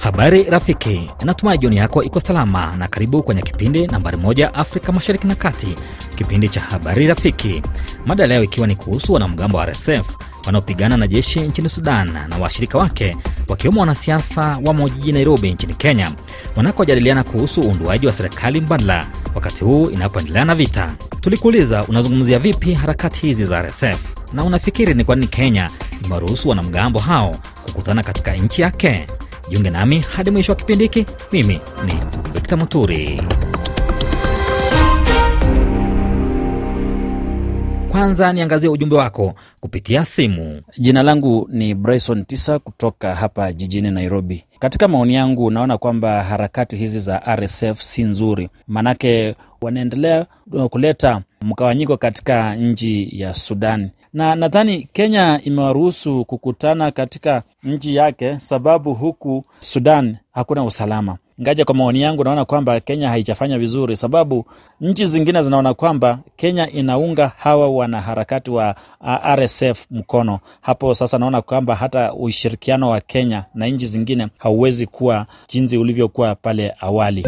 Habari rafiki, natumai jioni yako iko salama na karibu kwenye kipindi nambari moja Afrika Mashariki na Kati, kipindi cha Habari Rafiki, mada leo ikiwa ni kuhusu wanamgambo wa RSF wanaopigana na jeshi nchini Sudan na washirika wake wakiwemo wanasiasa wamo jijini Nairobi nchini Kenya, wanakojadiliana kuhusu uunduaji wa serikali mbadala wakati huu inapoendelea na vita. Tulikuuliza unazungumzia vipi harakati hizi za RSF na unafikiri ni kwa nini Kenya imewaruhusu wanamgambo hao kukutana katika nchi yake. Jiunge nami hadi mwisho wa kipindi hiki. Mimi ni Victor Muturi. kwanza niangazie ujumbe wako kupitia simu. Jina langu ni Bryson Tisa kutoka hapa jijini Nairobi. Katika maoni yangu, naona kwamba harakati hizi za RSF si nzuri, maanake wanaendelea uh, kuleta mgawanyiko katika nchi ya Sudan, na nadhani Kenya imewaruhusu kukutana katika nchi yake, sababu huku Sudan hakuna usalama. Ngaja, kwa maoni yangu, naona kwamba Kenya haijafanya vizuri, sababu nchi zingine zinaona kwamba Kenya inaunga hawa wanaharakati wa RSF mkono. Hapo sasa naona kwamba hata ushirikiano wa Kenya na nchi zingine hauwezi kuwa jinsi ulivyokuwa pale awali.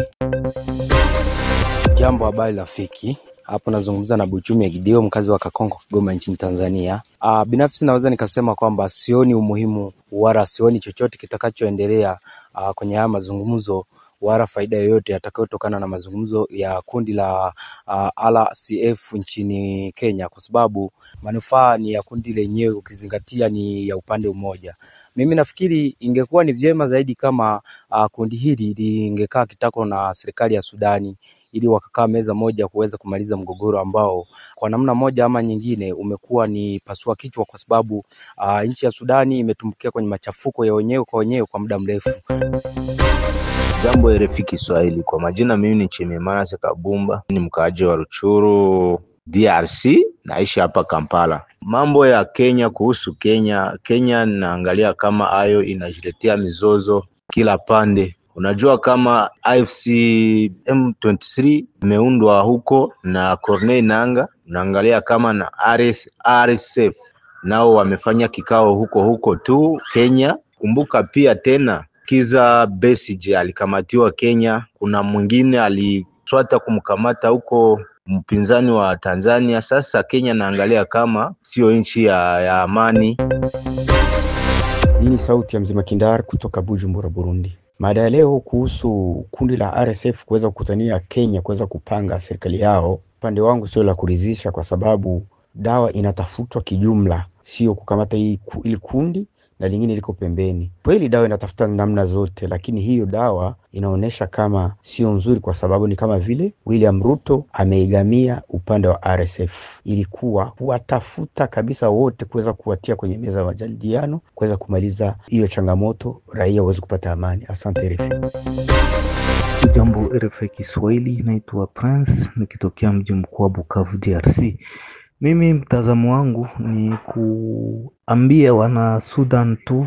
Jambo, habari rafiki. Hapo nazungumza na Buchumi ya mkazi wa Kakonko, Kigoma nchini Tanzania. Uh, binafsi naweza nikasema kwamba sioni umuhimu wala sioni chochote kitakachoendelea ah, kwenye haya mazungumzo wala faida yoyote yatakayotokana na mazungumzo ya kundi la uh, ah, RCF nchini Kenya, kwa sababu manufaa ni ya kundi lenyewe, ukizingatia ni ya upande mmoja. Mimi nafikiri ingekuwa ni vyema zaidi kama uh, kundi hili lingekaa kitako na serikali ya Sudani ili wakakaa meza moja kuweza kumaliza mgogoro ambao kwa namna moja ama nyingine umekuwa ni pasua kichwa, kwa sababu uh, nchi ya Sudani imetumbukia kwenye machafuko ya wenyewe kwa wenyewe kwa muda mrefu. Jambo RFI Kiswahili, kwa majina mimi ni Chimimana Sekabumba, ni mkaaji wa Ruchuru DRC, naishi hapa Kampala. Mambo ya Kenya, kuhusu Kenya, Kenya naangalia kama hayo inajiletea mizozo kila pande Unajua kama AFC M23 imeundwa huko na Corneille nanga unaangalia kama na RS, RSF nao wamefanya kikao huko huko tu Kenya. Kumbuka pia tena Kiza Besigye alikamatiwa Kenya, kuna mwingine aliswata kumkamata huko mpinzani wa Tanzania. Sasa Kenya naangalia kama sio nchi ya, ya amani. Hii ni sauti ya mzima Kindar kutoka Bujumbura, Burundi. Mada ya leo kuhusu kundi la RSF kuweza kukutania Kenya kuweza kupanga serikali yao, upande wangu sio la kuridhisha, kwa sababu dawa inatafutwa kijumla, sio kukamata hii ili kundi na lingine liko pembeni. Kweli dawa inatafuta namna zote, lakini hiyo dawa inaonyesha kama sio nzuri, kwa sababu ni kama vile William Ruto ameigamia upande wa RSF. Ilikuwa kuwatafuta kabisa wote kuweza kuwatia kwenye meza ya majadiliano kuweza kumaliza hiyo changamoto, raia waweze kupata amani. Asante RFI. Jambo RFI Kiswahili, naitwa Prince nikitokea mji mkuu wa Bukavu, DRC. Mimi mtazamo wangu ni kuambia wana Sudan tu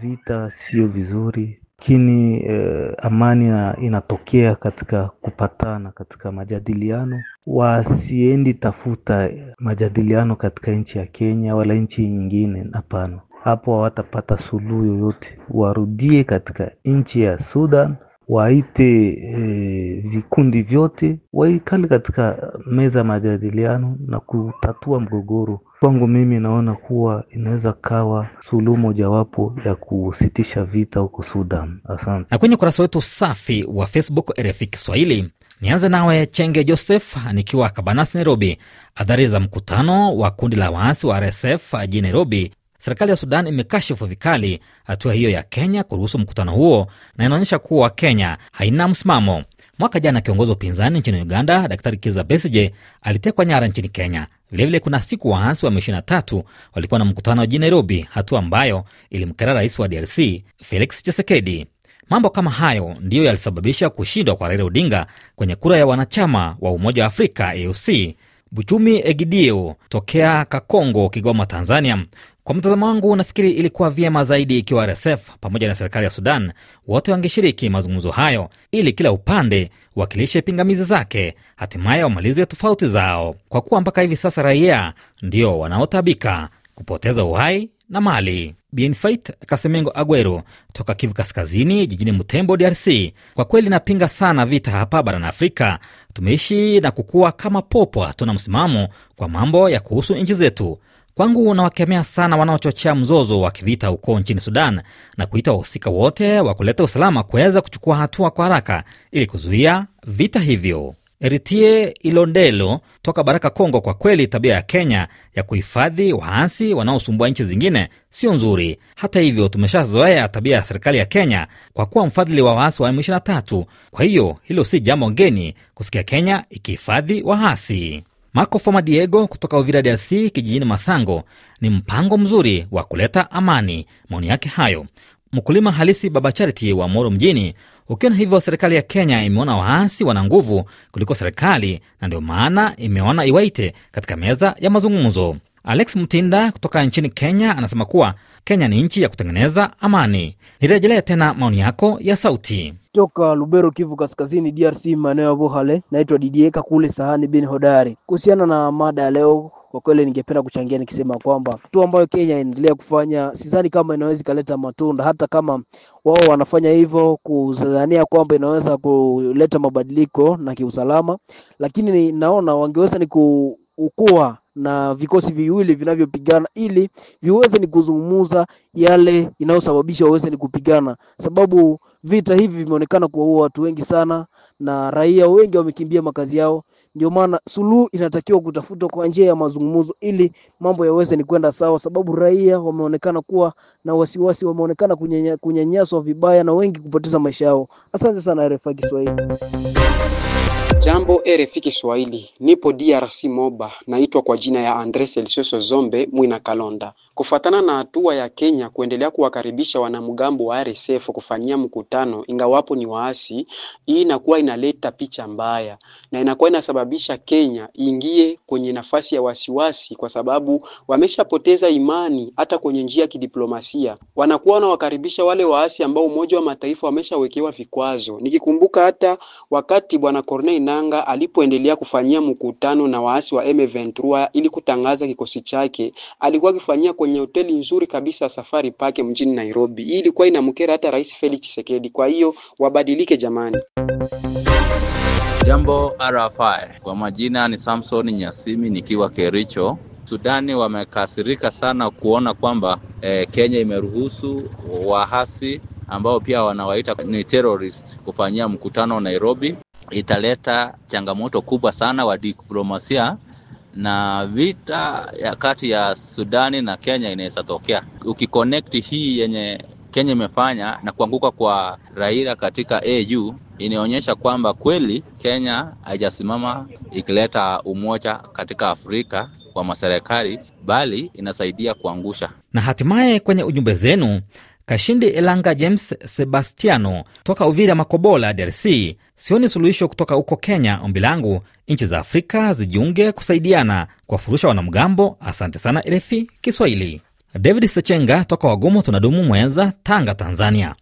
vita sio vizuri lakini eh, amani inatokea katika kupatana katika majadiliano. Wasiendi tafuta majadiliano katika nchi ya Kenya wala nchi nyingine, hapana. Hapo hawatapata suluhu yoyote, warudie katika nchi ya Sudan waite e, vikundi vyote waikali katika meza ya majadiliano na kutatua mgogoro. Kwangu mimi naona kuwa inaweza kawa suluhu mojawapo ya kusitisha vita huko Sudan. Asante. Na kwenye ukurasa wetu safi wa Facebook RFI Kiswahili, nianze nawe Chenge Joseph nikiwa Kabanas, Nairobi. Athari za mkutano wa kundi la waasi wa RSF jijini Nairobi Serikali ya Sudan imekashifu vikali hatua hiyo ya Kenya kuruhusu mkutano huo na inaonyesha kuwa Kenya haina msimamo. Mwaka jana akiongoza upinzani nchini Uganda, Daktari Kiza besije alitekwa nyara nchini Kenya. Vilevile kuna siku waasi wa M23 walikuwa na mkutano jini Nairobi, hatua ambayo ilimkera rais wa DRC Felix chisekedi Mambo kama hayo ndiyo yalisababisha kushindwa kwa Raila Odinga kwenye kura ya wanachama wa Umoja wa Afrika, AUC. Buchumi Egidio tokea Kakongo, Kigoma, Tanzania, kwa mtazamo wangu, nafikiri ilikuwa vyema zaidi ikiwa RSF pamoja na serikali ya Sudan wote wangeshiriki mazungumzo hayo ili kila upande wakilishe pingamizi zake, hatimaye wamalize tofauti zao, kwa kuwa mpaka hivi sasa raia ndio wanaotabika kupoteza uhai na mali. bnfit Kasemengo Aguero toka Kivu Kaskazini, jijini Mutembo, DRC. Kwa kweli napinga sana vita hapa barani Afrika. Tumeishi na kukuwa kama popo, hatuna msimamo kwa mambo ya kuhusu nchi zetu. Kwangu nawakemea sana wanaochochea mzozo wa kivita huko nchini Sudan na kuita wahusika wote wa kuleta usalama kuweza kuchukua hatua kwa haraka ili kuzuia vita hivyo. Eritie Ilondelo toka Baraka, congo Kwa kweli tabia ya Kenya ya kuhifadhi waasi wanaosumbua nchi zingine sio nzuri. Hata hivyo, tumeshazoea tabia ya serikali ya Kenya kwa kuwa mfadhili wa waasi wa M23. Kwa hiyo hilo si jambo ngeni kusikia Kenya ikihifadhi waasi. Marco Foma Diego kutoka Uvira DRC kijijini Masango, ni mpango mzuri wa kuleta amani. Maoni yake hayo mkulima halisi Baba Charity wa Moro mjini. Ukiona hivyo, serikali ya Kenya imeona waasi wana nguvu kuliko serikali na ndio maana imeona iwaite katika meza ya mazungumzo. Alex Mtinda kutoka nchini Kenya anasema kuwa Kenya ni nchi ya kutengeneza amani. Nirejelea tena maoni yako ya sauti toka Lubero, Kivu Kaskazini, DRC, maeneo ya vohale Naitwa Didieka kule Sahani bin Hodari. Kuhusiana na mada ya leo, kwa kweli ningependa kuchangia nikisema kwamba tu ambayo Kenya inaendelea kufanya, sidhani kama inaweza ikaleta matunda, hata kama wao wanafanya hivyo kuzania kwamba inaweza kuleta mabadiliko na kiusalama, lakini naona wangeweza ni kukua na vikosi viwili vinavyopigana ili viweze ni kuzungumza yale inayosababisha waweze ni kupigana, sababu vita hivi vimeonekana kuwaua watu wengi sana na raia wengi wamekimbia makazi yao. Ndio maana suluhu inatakiwa kutafutwa kwa njia ya mazungumzo ili mambo yaweze ni kwenda sawa, sababu raia wameonekana kuwa na wasiwasi, wameonekana kunyanyaswa vibaya na wengi kupoteza maisha yao. Asante sana RFI Kiswahili. Jambo RFI Kiswahili, nipo DRC Moba, naitwa kwa jina ya Andre Celsius Zombe Mwina Kalonda. Kufuatana na hatua ya Kenya kuendelea kuwakaribisha wanamgambo wa RSF kufanyia mkutano, ingawapo ni waasi, hii inakuwa inaleta picha mbaya na inakuwa inasababisha Kenya ingie kwenye nafasi ya wasiwasi, kwa sababu wameshapoteza imani hata kwenye njia ya kidiplomasia. Wanakuwa wanawakaribisha wale waasi ambao Umoja wa Mataifa wameshawekewa vikwazo, nikikumbuka hata wakati bwana Corneille Mnanga alipoendelea kufanyia mkutano na waasi wa M23 ili kutangaza kikosi chake, alikuwa akifanyia kwenye hoteli nzuri kabisa Safari Park mjini Nairobi. Hii ilikuwa inamkera hata Rais Felix Tshisekedi. Kwa hiyo wabadilike jamani. Jambo RFI, kwa majina ni Samson Nyasimi nikiwa Kericho. Sudani wamekasirika sana kuona kwamba e, Kenya imeruhusu wahasi ambao pia wanawaita ni terrorist kufanyia mkutano Nairobi italeta changamoto kubwa sana wa diplomasia na vita ya kati ya Sudani na Kenya inaweza tokea. Ukikonekti hii yenye Kenya imefanya na kuanguka kwa Raila katika AU inaonyesha kwamba kweli Kenya haijasimama ikileta umoja katika Afrika kwa maserikali, bali inasaidia kuangusha. Na hatimaye kwenye ujumbe zenu Kashindi Elanga James Sebastiano toka Uvira Makobola, DRC. Sioni suluhisho kutoka huko Kenya. Ombi langu nchi za Afrika zijiunge kusaidiana kuwafurusha wanamgambo. Asante sana RFI Kiswahili. David Sechenga toka Wagumu tunadumu Mwenza, Tanga, Tanzania.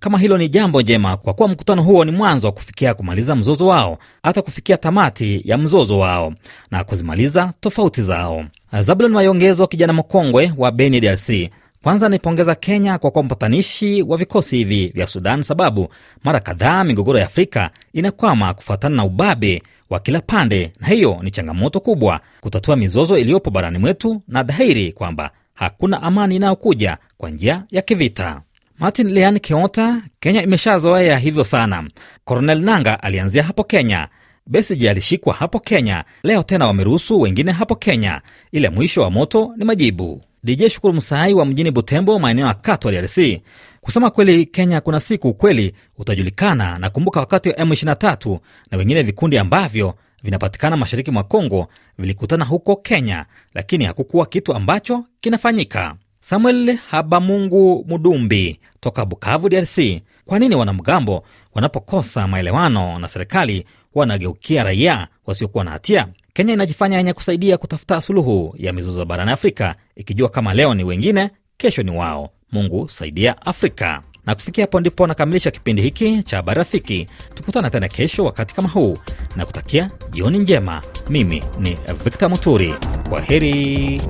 Kama hilo ni jambo njema, kwa kuwa mkutano huo ni mwanzo wa kufikia kumaliza mzozo wao, hata kufikia tamati ya mzozo wao na kuzimaliza tofauti zao. Zabulon Mayongezo, kijana mkongwe wa Beni, DRC. Kwanza naipongeza Kenya kwa kuwa mpatanishi wa vikosi hivi vya Sudan, sababu mara kadhaa migogoro ya Afrika inakwama kufuatana na ubabe wa kila pande, na hiyo ni changamoto kubwa kutatua mizozo iliyopo barani mwetu, na dhahiri kwamba hakuna amani inayokuja kwa njia ya kivita. Martin lean Keota, Kenya imeshazoea hivyo sana. Coronel Nanga alianzia hapo Kenya, Besigye alishikwa hapo Kenya, leo tena wameruhusu wengine hapo Kenya, ile mwisho wa moto ni majibu. DJ Shukuru Msahai wa mjini Butembo, maeneo ya Katwa, DRC. Kusema kweli, Kenya kuna siku ukweli utajulikana. Nakumbuka wakati wa M23 na wengine vikundi ambavyo vinapatikana mashariki mwa Kongo vilikutana huko Kenya, lakini hakukuwa kitu ambacho kinafanyika. Samuel Habamungu Mudumbi toka Bukavu, DRC. Kwa nini wanamgambo wanapokosa maelewano na serikali wanageukia raia wasiokuwa na hatia? Kenya inajifanya yenye kusaidia kutafuta suluhu ya mizozo barani Afrika, ikijua kama leo ni wengine, kesho ni wao. Mungu saidia Afrika. Na kufikia hapo ndipo nakamilisha kipindi hiki cha habari rafiki. Tukutana tena kesho wakati kama huu, na kutakia jioni njema. Mimi ni Victor Muturi, kwa heri.